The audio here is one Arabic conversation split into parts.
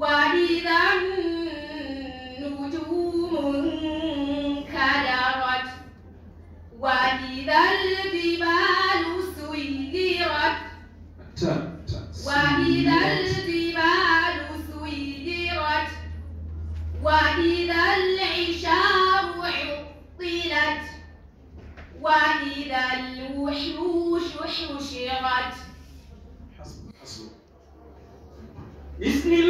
وإذا النجوم انكدرت وإذا الجبال سيرت وإذا الجبال سيرت وإذا العشار عطلت وإذا الوحوش حشرت بسم الله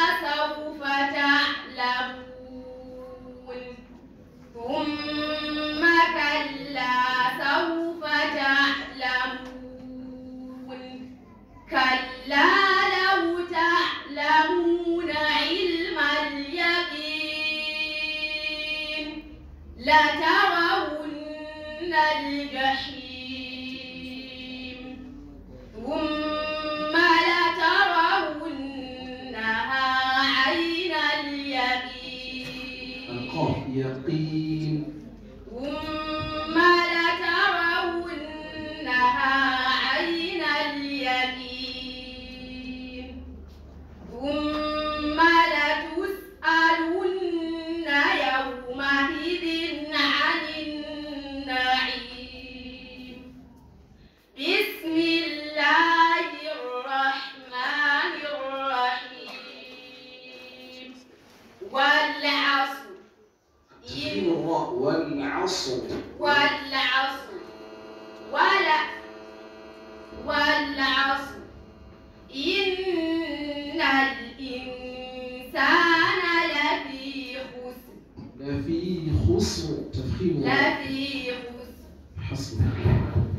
لترون الجحيم ثم لترونها عين اليقين يقين ثم والعصر والعصر ولا والعصر إن الإنسان لفي خسر لفي خسر تفخيم لفي خسر حسنا